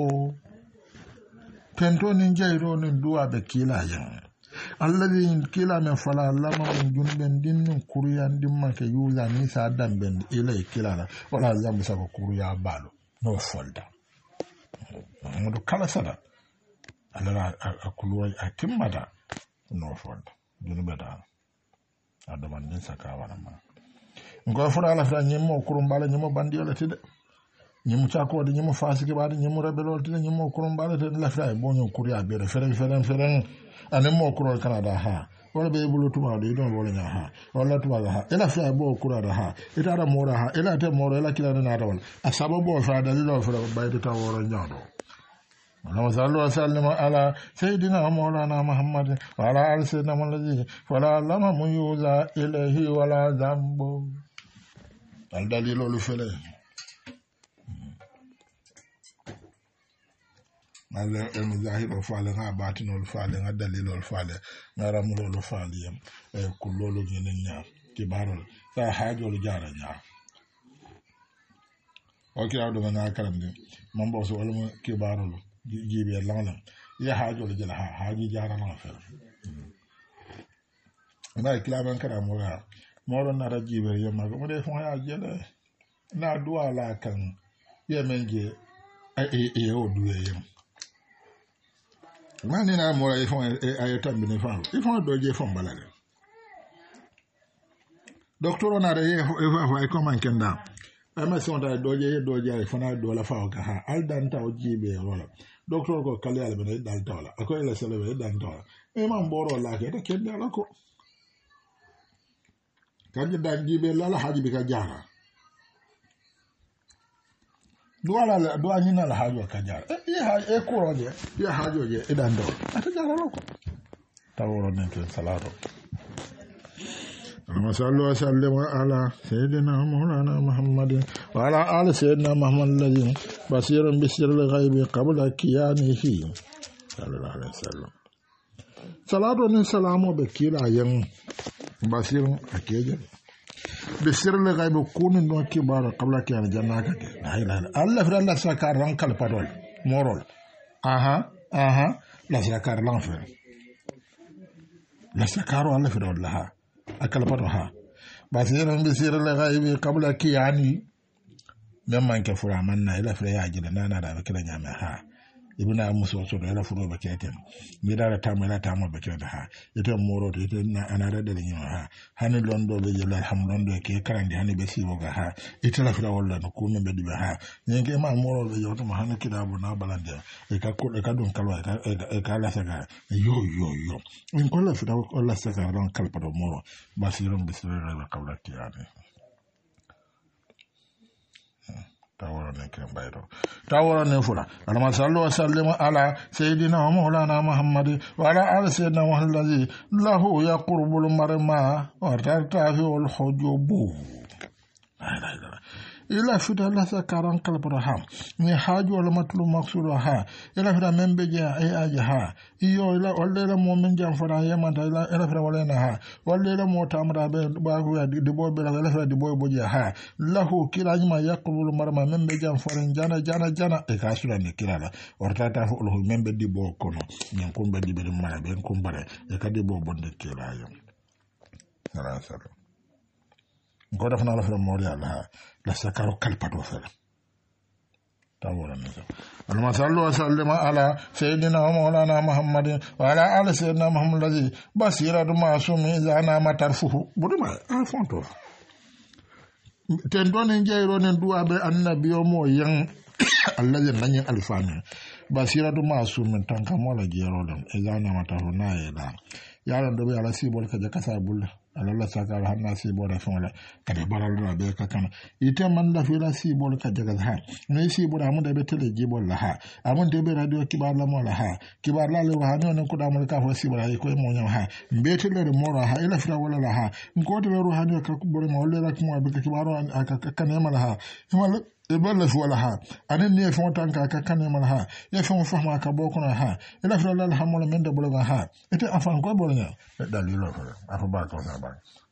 tento nin jeyro nin duwa kila kiilajen alladhi kila me fala lama mun junben kuriya din dimma ke yuza ni sa dan ben ilay kila la wala zamu saka kuriya balo no folda do kala sada alara akuluwa akimmada no folda junube da adaman din saka wala ma ngo fura ala kurum bala nyimmo bandi bandiyala tide ñimmo cakkode ñimmo fasiki ɓaade ñimmo reɓe lolteɗe ñimmo kuron mbaɗete lafira e boño kuri a biyeɗe feren feren feren anen mo kurol canada ha walla ɓe ɓulo tubaɗo yiɗo wolña ha walla tubaɗo ha ela fiya bo kurada ha etaɗa moɗa ha ela te moɗo ela kilane nata walla a sababo fea dalilo fra bayde taw woro ñawɗo allahuma salli wa sallima ala seydina mawlana mahammadin wala al seydina mallahi wala lama mo yusa ilayhi wala dambo al dalilolu felee mi zahiba faale ŋa batinolu faale ŋa dalilolu faale ŋa ramulolu faale yem eh, kullolu ñini ñaa kibarol sa nya jaara ñaa o kirawo ɗuma ŋa karandi mambo so walama kibarolu jiiɓe laŋlam ye haajolu jela ha haaji jaralaŋa fere nayi kilaman kara mora moro nara mo jele na duwa yem ma ni na mura ifon ayeta mbini fa ifon do je fon balade docteur na re ifon fa ko man kenda ama si on da do je do je ifon do la fa ka ha al dan ta o jibe rola docteur ko kale al bene dan ta la ko ila sele be dan jibe la la haji bi jara du añinala haajoo ka jar e kuro je ye haajoo je idan do ata jarano ko tawuro nenke salato اللهم صل وسلم على سيدنا مولانا محمد وعلى آل سيدنا محمد الذي بصير بسر الغيب قبل كيانه صلى الله عليه وسلم صلاة من سلام بكيل عين بصير أكيد besir le gaybe kunu don ki bara qabla ki aljanna ka ke la ilaha allah fir allah saka rankal parol morol aha aha la saka lan fir la saka ro allah fir allah akal parol ha basir besir le gaybe qabla ki yani memman ke fura manna ila fir ya jila nana da kila nyame ha ibina muso so do ela furo be keten mi dara tama ela tama be keten ha ite moro to ite na anara de ni ha hani londo be jela alhamdulillah ke karande hani be sibo ga ha ite la fira walla no kuma be dibe ha nyenge ma moro be yoto ma hani kidabo na balande e ka ko e ka don kalwa e ka la saga yo yo yo in kola fira kola saga don kalpa do moro basiron bisira la kawlati yani tawaronen fula alama sallu wasallima ala seydina wa maulana muhammadi wala al seydina wallahi lahu yaqurbulmarma wa tartafiwalhojobou ila fita lasa karan kalbara ha ni haju wala matulu maksuru ha ila fita membe je ai aji ha iyo ila wala ila mo min jam fara yema da ila ila fita wala na ha wala ila mo tamra be ba ku ya dibo be ila fita dibo boje ha lahu kila nyima yakulu marma membe jam fara jana jana jana e ka sura ni kila la orta ta ho lo membe dibo kono nyen kumbe dibe mara be kumbe e ka dibo bonde kila yo Gracias. goto fana ala fela moori ala la sakaro kalpato fela tawolanisa alma sallu wa sallima ala seydina wa maulana mouhammadin wa ala ali seydina mouhamad lazi basiratu masumi zanama tarfuhu ɓuɗuma a fonto ten toni jeyro nen duwaɓe annabio mo yan allahi dañin alfami basiratu masumi tan kamola jeerolem e zanama tarfu nayeɗa yalan ɗoɓe ala sibol kaja kasa bulle alala sakar hanna siibooɗa la kata baralɗola ɓe ka kana ite manda fila siibol ka jagas ha nayi siibol amuda ɓe tele jibol la ha amunde ɓe radio kibar mola ha kibar lalewo ha nonen kuɗamol ka fo siibol hay koye moñam ha mbeetelere mora ha ila fira wolala ha nkote ɓe ruhani ka kuɓɓorema wollera kumoa ɓe ka kibaro kanema la ha imala ibala fuwa la ha ani ni e fonta nka k'a ka kan ma ha fon fo ma ka bɔ kɔnɔ ha i la fɛnw lal hamɔ la min da bolo kan ha i tɛ a ko bolo nya e dalilo kɔrɔ a fɔ ba ko na ba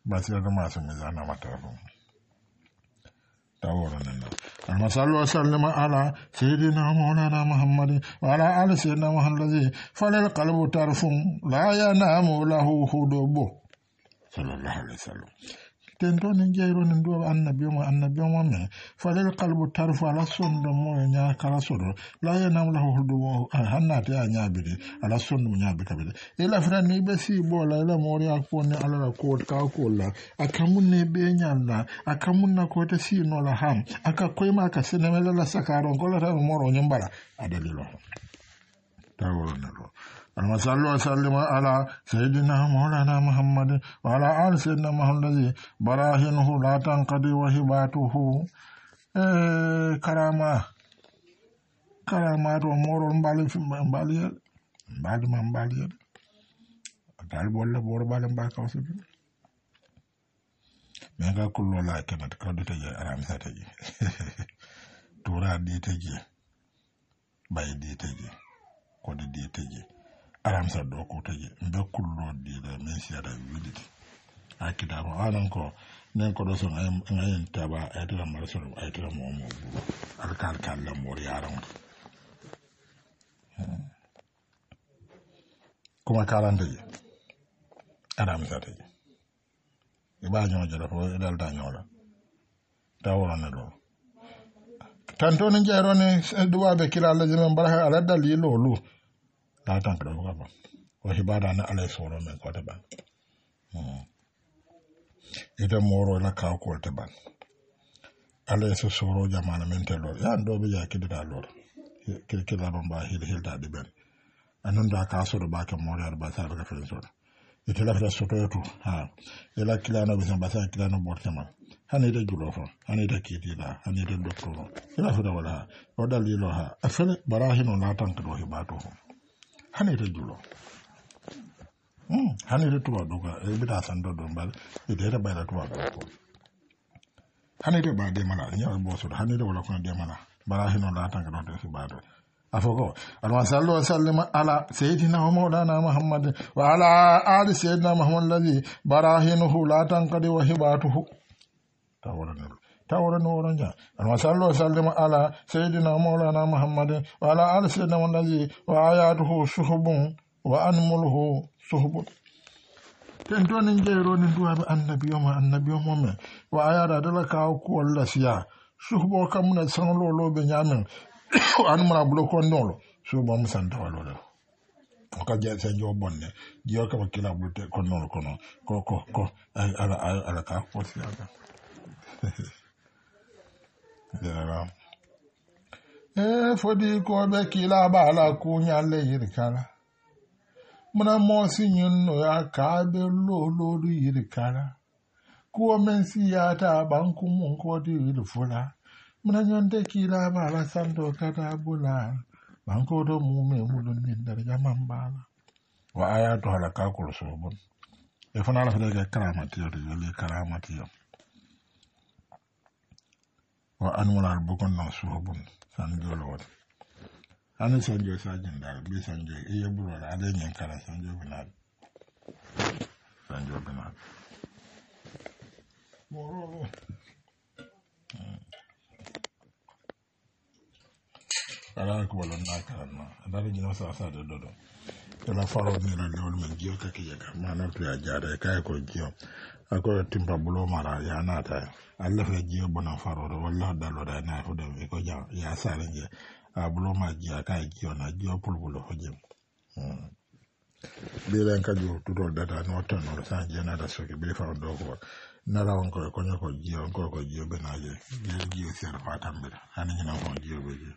ba sira dɔ ma so mi za na ma ta fɔ tawara nan na amma صلى wasallam على سيدنا مولانا محمد وعلى آل سيدنا محمد muhammad falal qalbu tarfun la yanamu lahu hudubu sallallahu alaihi wasallam tento ni jeyro ni do annabiyo mo annabiyo mo men falel qalbu tarfu ala sondo mo nya kala sodo la ya nam hudu mo eh, hanna ta nya ala sondo mo nya bi ila e fra ni si bo ila e mo ri ni ala la akamun ne be nya na akamun na ko si no ham aka ko la sakaro ko la ta mo adalilo tawona lo اللهم صل وسلم على سيدنا مولانا محمد وعلى آل سيدنا محمد الذي براهنه لا تنقضي وهباته كرامة كرامات ومور مبالي في مبالي بعد ما مبالي تعال بولا بور بالي مبالي كوسف من غير كل ولا كانت كرد تجي أرام ساتجي تورا دي تجي باي دي تجي كود دي تجي aramsa alamisa ɗo kutoje mbe kulloɗiɗo min seeɗa akida hakkitamo anan ah, ko nen ko do so gayen taɓa aytata mara e aytata mo mo al omo buro alkal kallamboor yaranto hmm. kuma kalanteje alamisateje iɓa ñoojoɗa fo na do tantone jero ne eh, duwa be kila allahji men ala aladdal yilolu tatan ɗo ka ban o hibada ni alay soro men ko ban hmm. ite moro la ka ko te ban alay so soro jamana men te lor yan do be ya kidda lor kidda ban ba hil hil da di ben anon da ka so ba ke moro ba sa ba fen so ite la fa soto yotu ha ila kilano be san ba sa kilano bortema hani ite julo fo hani ite kiitila hani ite doktoro ila fota wala o dalilo ha afele barahino latan kedo hibato ho hani ita julo hana hmm, ita tuba doka e bita san do don bal ita ita bayra tuba doko hana ita ba de mala ni ala boso hana ita wala kuna de mala bara hino la tanga do te ba do afogo alwa sallu wa sallima ala sayyidina wa maulana muhammad wa ala ali sayyidina muhammad alladhi barahinuhu la tanqadi wa hibatuhu tawara tawrani woro ja ano sallo sallima ala seydina mawlana mouhammadin wa ala ala seydina mo nayi wa ayatuhu suhbun wa anmulhu suhbun ten toni jeyroni duwaɓe annabi yoma annabi yo mumen wa ayata dala kaw kuwol lasiya suhbo kammuna sanlowloɓe ñamen o anmura bulo kondolo suhbo mu santawalole oka jesenjo bonne jiyo kama kila bulte konnolo kono ko ko ko ala ala kaw kosiyaga efodikobe ka ile agbala kunya leyirikala muna mosi nyinno ya ka abe loloru yirikala kuo mensi ya ta bankumu nkodi yirifula muna nyonde ka ile agbala sando kada bula bankodo mume mulu nindar jamambala wa ayatu halaka kulsobun efana la fadaka karamatiyar yali karamatiyar wa an wulal bokon non suhobun san jolowol ani sanjo sajin dal bi sanjo iye bulol da nyen kala sanjo binal sanjo binal morolo kala hmm. ko wala na na adara jina sa sa de dodo ena faro mina ne wani mengi yoka kija ka mana tu ya jare kaya ko jio ako ya timpa bulo mara ya nata ala fe jio bona faro ro wala dalo da na fude mi ko jia ya sare nge a bulo ma jia kaya jio na jio pul bulo ho jim bila nka jio tuto data no tono sa jia na da soki bila faro do ko nara wanko ya konyo ko jio wanko ko jio bena je jio jio siya rafa tambira ani jina ko jio bejio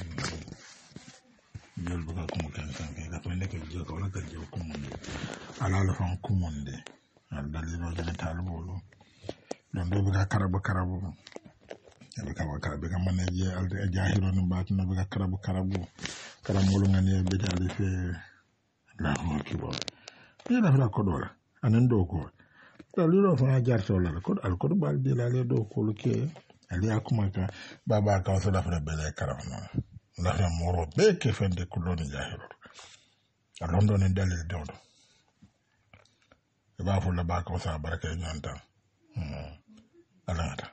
Thank mm -hmm. you. jol buka kumu kene sanke ka fo neke je ko laka je kumunde ala la fan kumunde al dalilo jene talibolu don do buka karabu karabu be ka wakara be ka mane je al de jahiro no batino be ka karabu karabu karamolu ngani be jali fe la ho kibo ni la fra ko dora anan do ko dalilo fa jar so la ko al ko bal de la le do ko ke ali akuma ka baba ka so la fra be le karam garam worɓe ke fende kulloni jahilor alon ɗo nen dalil dow ɗo e ɓa fulla ba ko sa baraka e ñantan alagata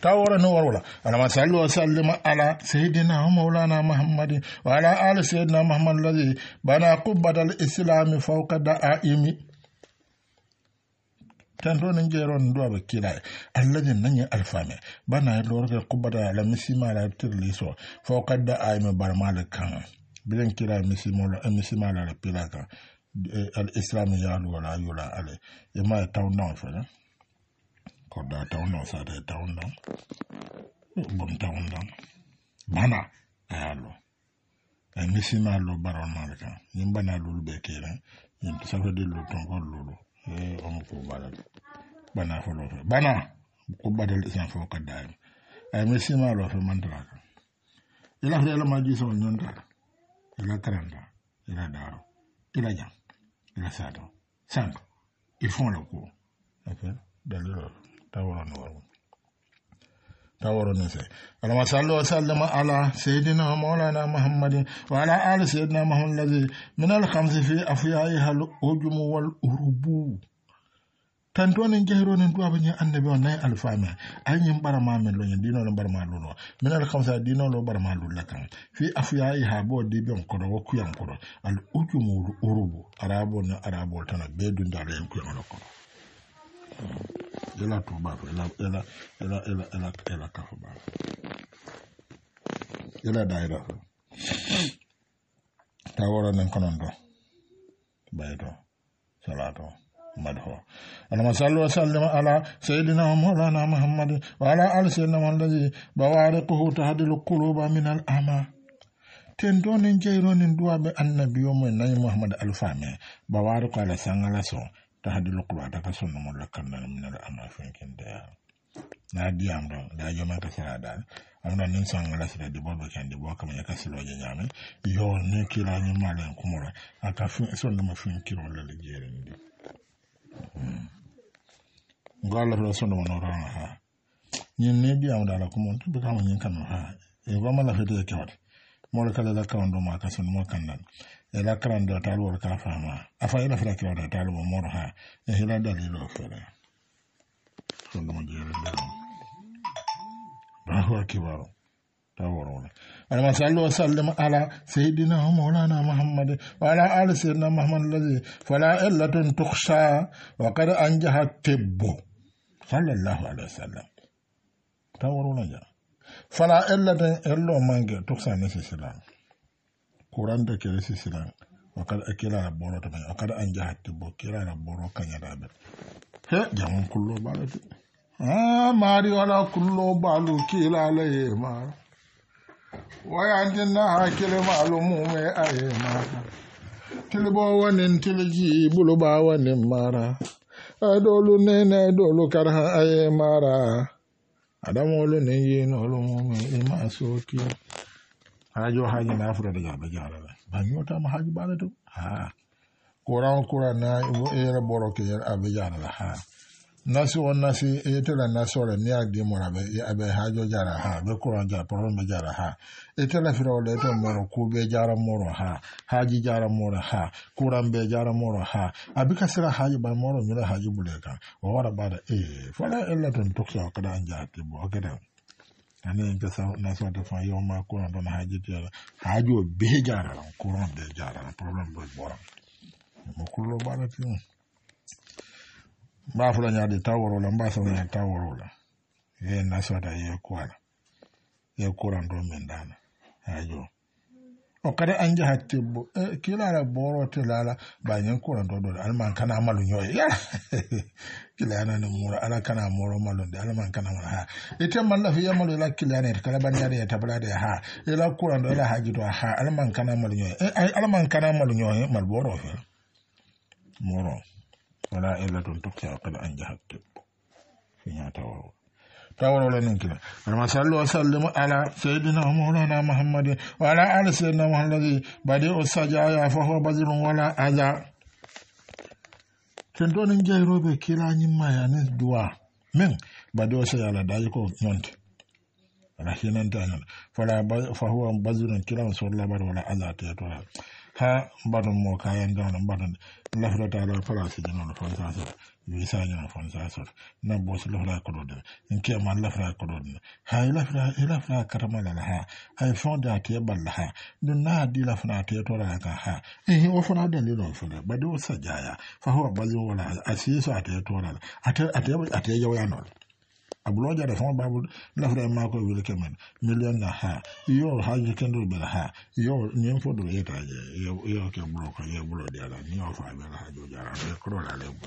ta wora no warwala alama salli wa sallima ala sayidina wa maulana muhammadin wa ala ali sayidina muhammad alladi bana qubbatal islami fawqa da'aimi tan ɗo nin jeeron duwa ɓe kiilaye allahñin nañi alfame bana e la kubbata ala tirli so fo kadda ayme barmale kan bilen kiila misima ala pila kan e, al islam yaalu wala yula ale e ma taw ko da taw non sa sata taw non e, bon non bana lu e misimalo baronmale kan yim bana kila ɓe sa ça veut dire le tonkol lulu on ko balal bana folo fe bana ko badal islam fo ka dai ay mi sima lo fe mandra ila fe ma ji so nyonda ila karanda ila daro ila jam ila sado santo il e font le coup ok dalilo tawala no tawaronin sai alama sallu wa sallama ala sayyidina wa maulana muhammadin wa ala ali sayyidina muhammadin ladhi min al khamsi fi afyahi hal hujum wal urubu tantonin jehironin to abin annabi wa nay alfama an yin bara ma min lonyin dino lo bara lo no min al khamsa dino lo bara ma lulla fi afyahi ha bo di ben ko do yan ko al wal urubu arabo na arabo tana be dun da lo yin kuyan ko Thank you. ela tua bafo ela ela ela ela ela ela kafo bafo ela daira fo ta wora nen ko non do bayto salato madho alama sallu wa sallim ala sayidina wa mawlana muhammad wa ala ali sayidina mo alladi bawariquhu tahdilu quluba min al ama ten do nen jeyro nen duwaɓe annabi yo mo nayi muhammad alfame bawari ko ala sangala son tahadi lukulu ata ka sunna mulla kannana min al amra fenkinde yaa na di am diyam ɗon nda ta sa da am na nin sang la sira di bobo ken di boka mie kasiloje ñaami yo ne ki la ni ata hmm. ma kilañi malen kumora aka sondema finkirolele jeerin ndi ngo allah feɗo no ra ha ni ne di am da la diyam dala kumon ka kama ni kan ha e eh, ba ma gomala fete kewde wat mo la ka la ka ndo ma kan na ela karanda taaluwol ka fama afa ela fota kirata taaluwo moro ha e hila dalilo fere sogama jeerendeo bahu akibaru tawarona alama sallu wa sallim ala sayyidina wa maulana muhammad wa ala ali sayyidina muhammad alladhi fala illatun tukhsha wa qad anjaha tibbu sallallahu alaihi wasallam tawarona ja fala illatun illo mangi tukhsha ne silan kuranda kele sisilan wakada kila la boro to wakada anja hatti bo kila la boro kanya da be he jamu kullo balo ti ah mari wala kullo balo kila la ye ma waya antinna ha kele malumu me aye ma tilbo wanin tilji bulu ba wanin mara adolu nene dolu karha aye mara adamolu ne yin olumu me ima soki haajo haaji naafura daga ɓe jaalala bañootaama haaji baala to ha kuran kurana e e yere boroke yer aɓe jaalala ha nasi o nasi etela nasore ni a dimora ɓe e aɓe haajo jara ha ɓe kuran ja probléme ɓe jara ha etela firawole eto moro kuuɓe jaramoro ha haaji jaramoro ha kuran ɓe jaramoro ha abika sira haaji ɓan moro mira haaji ɓule kan o wara ɓaɗa e fala ella ton tokso kada a jaatibo okeɗen okay, sa fa yoma ko na nation haji yewma courant tan haajideela haajo bee jarana courant de jarana problem bo ɓoran mo ko lo ba nya de ɗum la taw sa mbasalañaade taw la ye nation ta ye ko ala ye ko courant do men dana haji o o kada an jaha tebbo e, kilara borote lala bañen kura dodode alman kana malu ñoye kilanani muro ala kana moro malude alman kana mal ha ite malla fi yamalu ila kilanete kala bandiade ye tabarade ha ila kurando ila hajido ha alman kana malu ñoye e alman kana malu ñoye e, mal boro fel moro wala illa ton tokkeo kada an jaha tebbo fiñatawawo تاولو لنكنا اللهم صل وسلم على سيدنا مولانا محمد وعلى آل سيدنا محمد الذي بديع السجايا فهو aza. ولا أذى bai kira yin mayanin duwa min ba da wasu yala da yi ko nonta ta nan fahuwan bazunan kiran sun labar wala ha mbadon mo kayen dano mbaɗon ta ala place jinono fonsasor wisañono fonsasor nabbos lafra koɗoɗen en kema lafra koɗoɗen ha e lafra la ha fon da a bal la ha ɗum na di lafna te toraya kan ha ehi o ni ɗen ɗiɗon fole baɗi sa jaya, fa to bali ata ata ata torala ate yawyanola abulo jara fama babu lafre ma ko wil kemen million na ha yo ha je kendo be ha yo nyen fodo ye ta je yo yo ke bulo ko ye bulo de ala ni fa be ha jo jara be ko do la le bu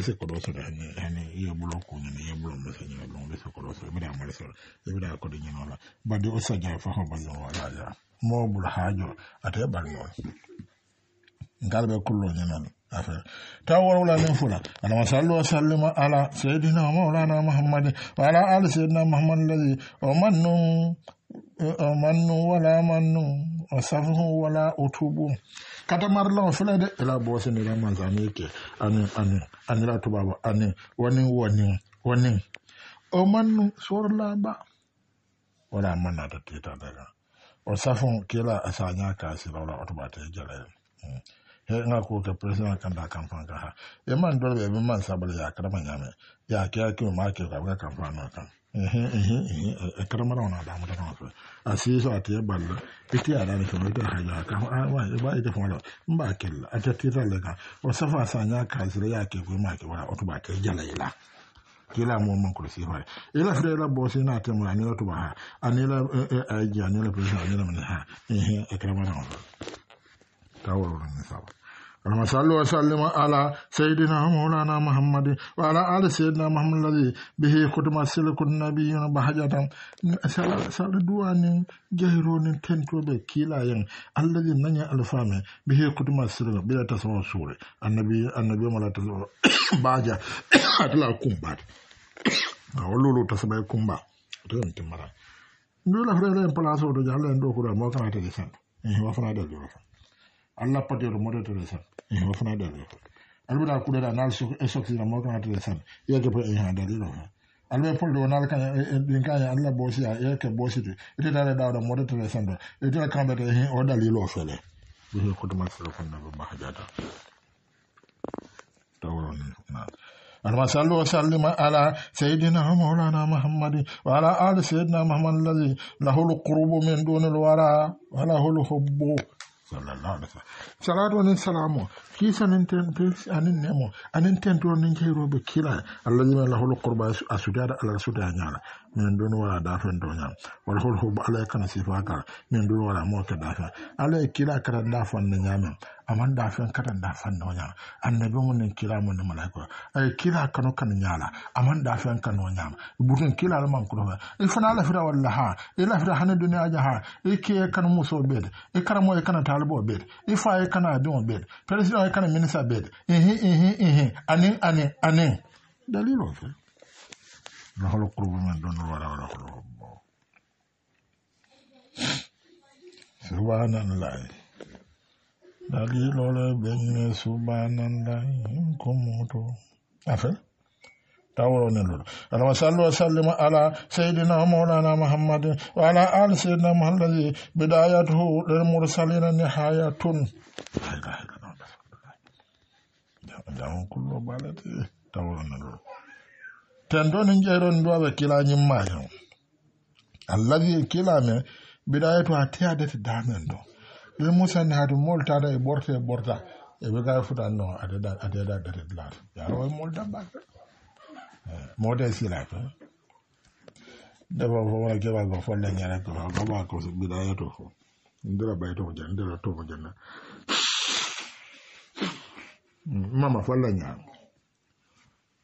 se ko do so da ni ani ye bulo ko ni ye bulo mo se ni bulo be se ko do so be da mo so be da ko do ni no la ba de o so ja fa ho ba no wala ja mo bulo ha jo ate ba no ngal be kullo ni nan ta wara wula min fula ana wa sallu wa sallima ala sayidina wa maulana muhammadin wa ala ali sayidina muhammadin alladhi o mannun o mannun wala mannun o safhun wala utubu kata marla o fula de ila bosi nira manzani ke ani ani anira tubaba ani wani wani wani o mannu sorla ba wala manna ta tita daga o safhun kila asanya ka sirawla otubata jalayi hmm. nga ko ka president kan da kan fan ka ha e man dole be be man sabal ya kada man yame ya ke ke ma ke ka ga kan fan na kan eh eh eh kada mara ona da mata kan so a si so ati balla iti ya ni so da ha ka a wa e ba ite fon mba ke la ata ti ta le ka o safa sa nya ka zira ya ke ko ma ke wa o to ba ke jala ila kila mo man kursi hoye ila fere la bosi na temu ani la tuba ha ani la aji ani la president ani la mani ha ehe ekrama na ka woro ni sawa اللهم وسلم على سيدنا مولانا محمد وعلى آل سيدنا محمد الذي به ختم سلك النبي بحجة سأل دوان جهرون تنتو بكيلا ين الذي نني الفامي به ختم سلك بلا تسوى سوري النبي النبي ملا تسوى باجة أتلا كمبات ولولو تسوى كمبات تنتمرا ndola frere en place o do jalle en do kura mo kana tege san en wa fana de do fana allah padiyoto moɗete de tan wofna ɗeɗe albeɗa kuɗeɗa naal esoxina e moknate de tan yeke po en ha daɗiɗo ha albe polɗo naal kañ ɗin e, e, kañe allah boosi a yeke boositi ititare ɗawɗo moɗete de tan ɗo itita kamɓete o ɗalilo fele ɓe kotumasfonnabo mahajata tawroni alma sallu wa sallima ala seydina maulana mahammadin wa ala ali seydina mahammad allahi lahulu qurubu min ɗunil wara wa lahulu hubbu sallallahu alaihi wasallam salatu nin salamu kisa nin ten anin nemo anin ten to nin kairo be kila allazi ma lahul qurba asudada ala sudanya min duni wala dafin donya wal hulhu ala kana sifaka min duni wala mo ka dafa ala kila kara dafan ne nyamin aman dafin kara dafan donya annabi mun ne kila mun malaika ay kila kanu kan nyala aman dafin kan nyam butun kila al man kudo il fana fira wala ha ila fira hana duniya jaha ike kan muso bed e kara e kana talbo bed e e kana don bed president e kana minister bed ehe ehe ehe anin anin anin dalilo fe no hol kurbu men ɗon warawra holo hobbowo subhanallah dalilole ɓeñe subhanallah ko muto afe tawronelol alama sallu wa sallima ala seydina mawlana mouhammadin wa ala ali seydina mohallahi bidayatuhu ɗen mursalina ni haya tun jam kullo balati tawronelol tentoni jeyron ndoɓe kilañim majom allah wi kilame biɗaye to a teyadete damen ɗo ɓe musani hato moltata e ɓorte e ɓorta eɓe gawe futan no a deda deted laata yaro e mol dabba e, mode silato ndefo fowona kebago folle ñere gobako biɗaye to fo ndira bay to jan ndira to fo janna mama folle ñaago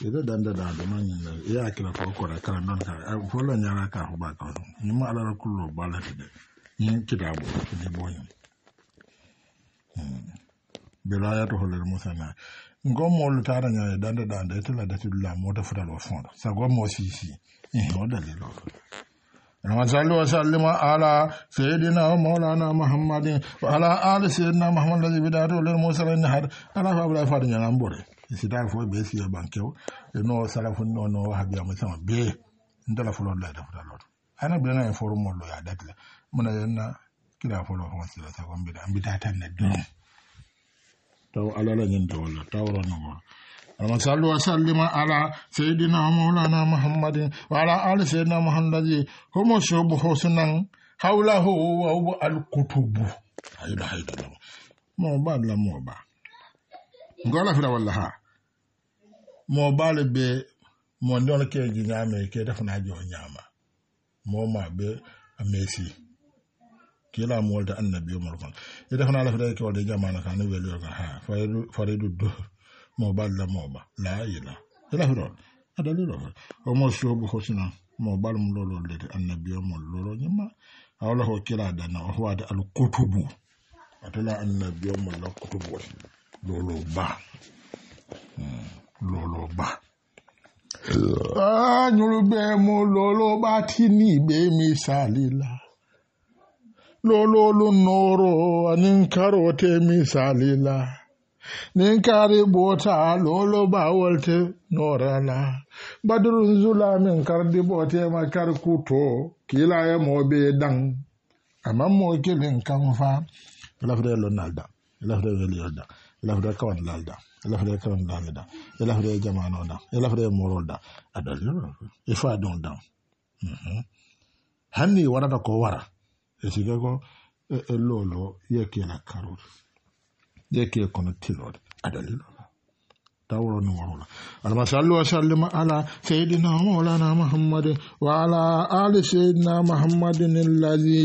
ida danda da da man yin ya kira ko ko ka folo nyara ka ho ba ka ni ma ala kullo bala ti de ni kida bo ni bo ni hmm. bilaya to holel musana ngommo lu tara nya danda danda tula da tula mo da fura lo fondo sa gommo si si eh o da le lo وصلى وسلم على سيدنا ومولانا محمد وعلى آل سيدنا محمد الذي بدأته للمرسلين هذا أنا فأبلا فارجنا نبوري isitari fo ɓe siya e bankew e no salafun no no la fɔlɔ wahabiyamisama bee ntala folodla dafutalot ana bilana e forumollo ya datla muna yanna kila folo fon sila sakon bida an bita tan na don taw alala nyin tawalla la no ma amma sallu wa sallima ala sayyidina maulana muhammadin wa ala ali sayyidina muhammadi humo shubu husnan hawlahu wa al kutubu da, hayda mo ba la mo ba ngola fira walla haa mo baalo be mo ndonokeji ñaame ke defanaji o ñaama moma be a meesi kilaamu wolde annabi omar kon e defanala fira ke wolde jamana kane weelor kon ha faridu do mo baalo la mooba la ila elafiro a daliro omo soobu hosina mo baalo mu lolol lede annabi omol lolo ñamma awla ho kila dana o howaade alkutubu atola annabi omol la kutubu wote lọ́lọ́ba lọ́lọ́ba. Hmm. anyurugbe ah, mu lọ́lọ́ba tí ní ìgbé mi sàlìlà te nọ̀rọ̀ nínkàrọ̀ tẹ̀mí sàlìlà ninkaribota loloba wolte norala badurun zula min kardibote kar kuto mo moɓe dang amma mo kilin kam fa lafre lonalda lafre weliyolda lafde kawan lalda lafde kawan lamida mm-hmm. e lafde jamano dan e lafde morol dan aɗon ifa fa ɗum dan hanni waɗata ko wara e siga ko e lolo yekela karol yeke kono tilode aɗon tawro ni warola alma sallu wa sallima ala sayidina maulana muhammadin wa ala ali sayidina muhammadin allazi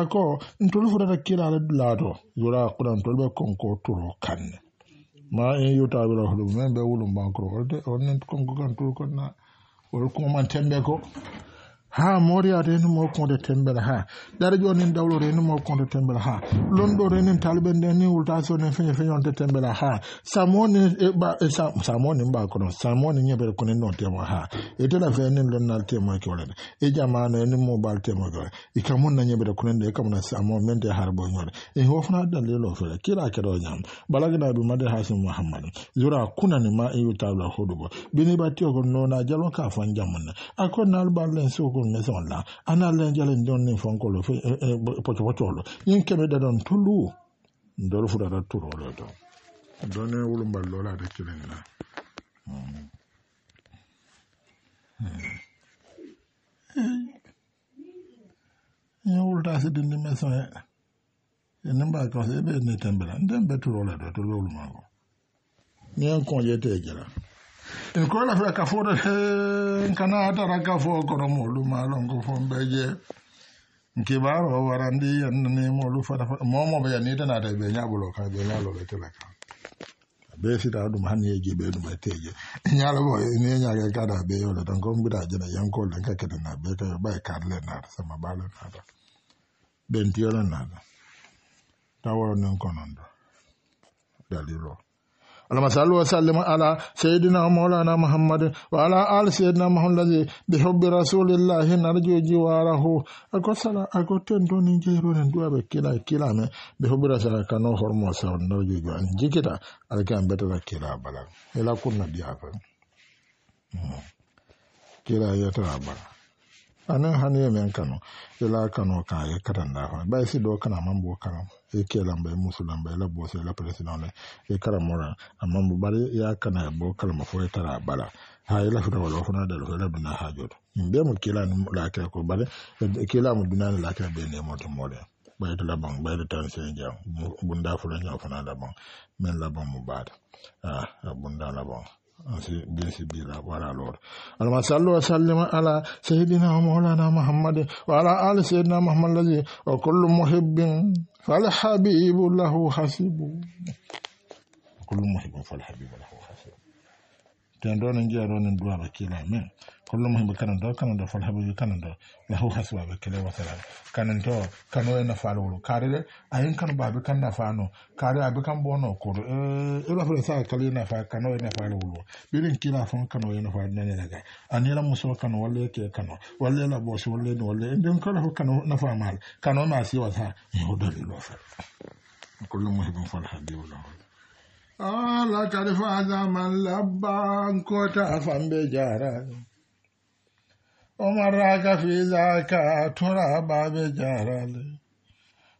ako n tol furata kilala laato yora kurantol ɓe konko turo kanne ma en yotaɓira hoɗum men ɓe wulumbankoro ode onen konko kan tur konna wol kumaman temɓe ko ha moriya mo konde tembel ha darajo nin dawlo renumo konde tembel ha londo renin taliben den ni wulta so nen fenye fenye onte tembel ha samoni e ba e sa samoni ba kono samoni nyebe ko nen non temo ha e tela fe nen lon nal temo ke wala e jamano nen mo bal temo ke e kamun na nyebe ko nen de kamna samo mente har bo nyore e hofna dalilo fele kila ke do nyam balagna bi made hasim muhammad zura kuna ni ma e wulta la hodugo bini batio ko nona jalo ka fan jamna akon nal balen so ɗum ne son la ana len jalen jonnin fonkolo fo poco pocolo ñin keɓeɗe ɗon tulu ndol futata turole to done wulumbal lolade kilinna ñin wulta sidindi maison e enen mbawi kawsa eɓe ne tembela nden ɓe turole to to lowlumako ñin congé te jela kola fe ka fore he kana ata ra ka fo ko mo lu ma lo ngo fo mbe je nke ba ro wa ra ndi en ni mo lu fa mo mo be ni ta na ta be nya bu lo ka be nya lo le te ba ka be si ta du ma ni e je be du ma te je nya lo bo ni nya ga ka da be yo lo ta ngo mbi da je na yan ko le ka ke da na be ka ba e ka le na sa ma ba le na da ben ti yo le na da ta wo ne ko na ndo da li ro allahma salli wasallim ala seydina mawlana muhammadin wa ala al seydina mahamladi bi hubbi rasulillahi narjoji warahu ako sala ako tentoni jeyrone duwaɓe kila kilame ɓe hubbi rasul kano hormo saw narjoji an jikita ala kam betata kila balan ila kunna diyafa kila yetata balan anan hani ye men kanu ila kano ka ye karanda hannu bai si do kana mambo kana ya ke lamba musu lambai lamba sai la bosi na la president ne e karamora bari ya kana ya bo kalma fo e tara bala ha ila fita wala fo na lafi ila na ha jodo mbe mu kila ni lafiya ko bari kila mu duna ni lafiya bai ne mo to mo de laban bai da tan sai ja bunda fulani nya fana laban min laban mu bada a ah, bunda laban بسبيلا ولا لور اللهم صل وسلم على سيدنا مولانا محمد وعلى آل سيدنا محمد الذي وكل محب فالحبيب له حسيب كل محب فالحبيب له tendo ne jiya do ne duwa kila men kullu mu be kanan do kanan do fal habu kanan do la hu hasba be kila wasala kanan to kano na faru kare de ayin kan ba be na fano kare abi kan bono ko e eh, e la kali na fa kano na faru lo birin kila fon kano na fa na ne daga muso kano walle ke kano walle la bosu walle no walle indin kala hu kano na fa mal kano ma si wasa yo do lo fa kullu mu habu alakar fada man labban kota fambe jara ne umarra ka fi zaka tura ba be jara ne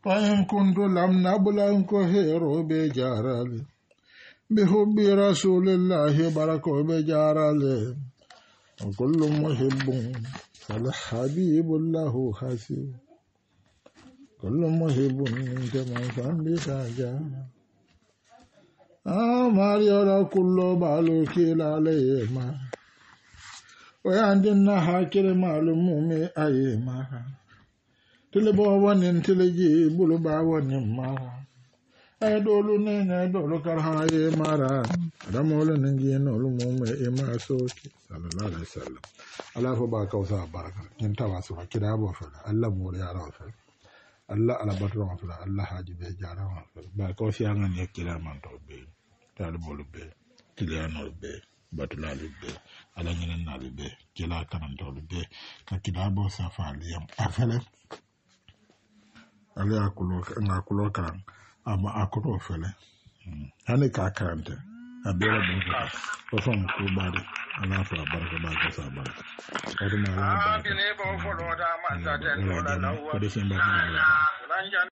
fahim kuntu lam na bulan ko hero be jara ne bi hubbi rasulillahi barako be jara ne kullu muhibbun fal habibun lahu hasib kullu muhibbun jama'an bi sajjan amar yara kullo balo kila alaye ma o ya ndin na ha kire malum mumi aye ma ha tile bo wani tile ji bulu ba wani ma ha ay dolu ne ne dolu kar ha ye ma ra adam wala ne ngi no lu mumi e ma so ki sallallahu alaihi wasallam ala fa ba ka usa ba ka tin tawasu ka kira bo fa allah mo ya ra fa alla alabatoroŋo fula alla haaji bee jaaraŋo fula bari ko siyaŋa niŋ kiliyamantoolu bee taaliboolu bee kiliyaanoolu bee batulaalu bee ala ñininnaalu bee kilaa karantoolu bee ka kilaaboo safaalu yam a ala ye a kuloo ŋa a kuloo karaŋ ama a kotoo fele hmm. hani ka karante abera barka o fam ko bade ala fa barka ba ka sa barka o dum ala ne ba fo do ta ma sa ten do la lawa ko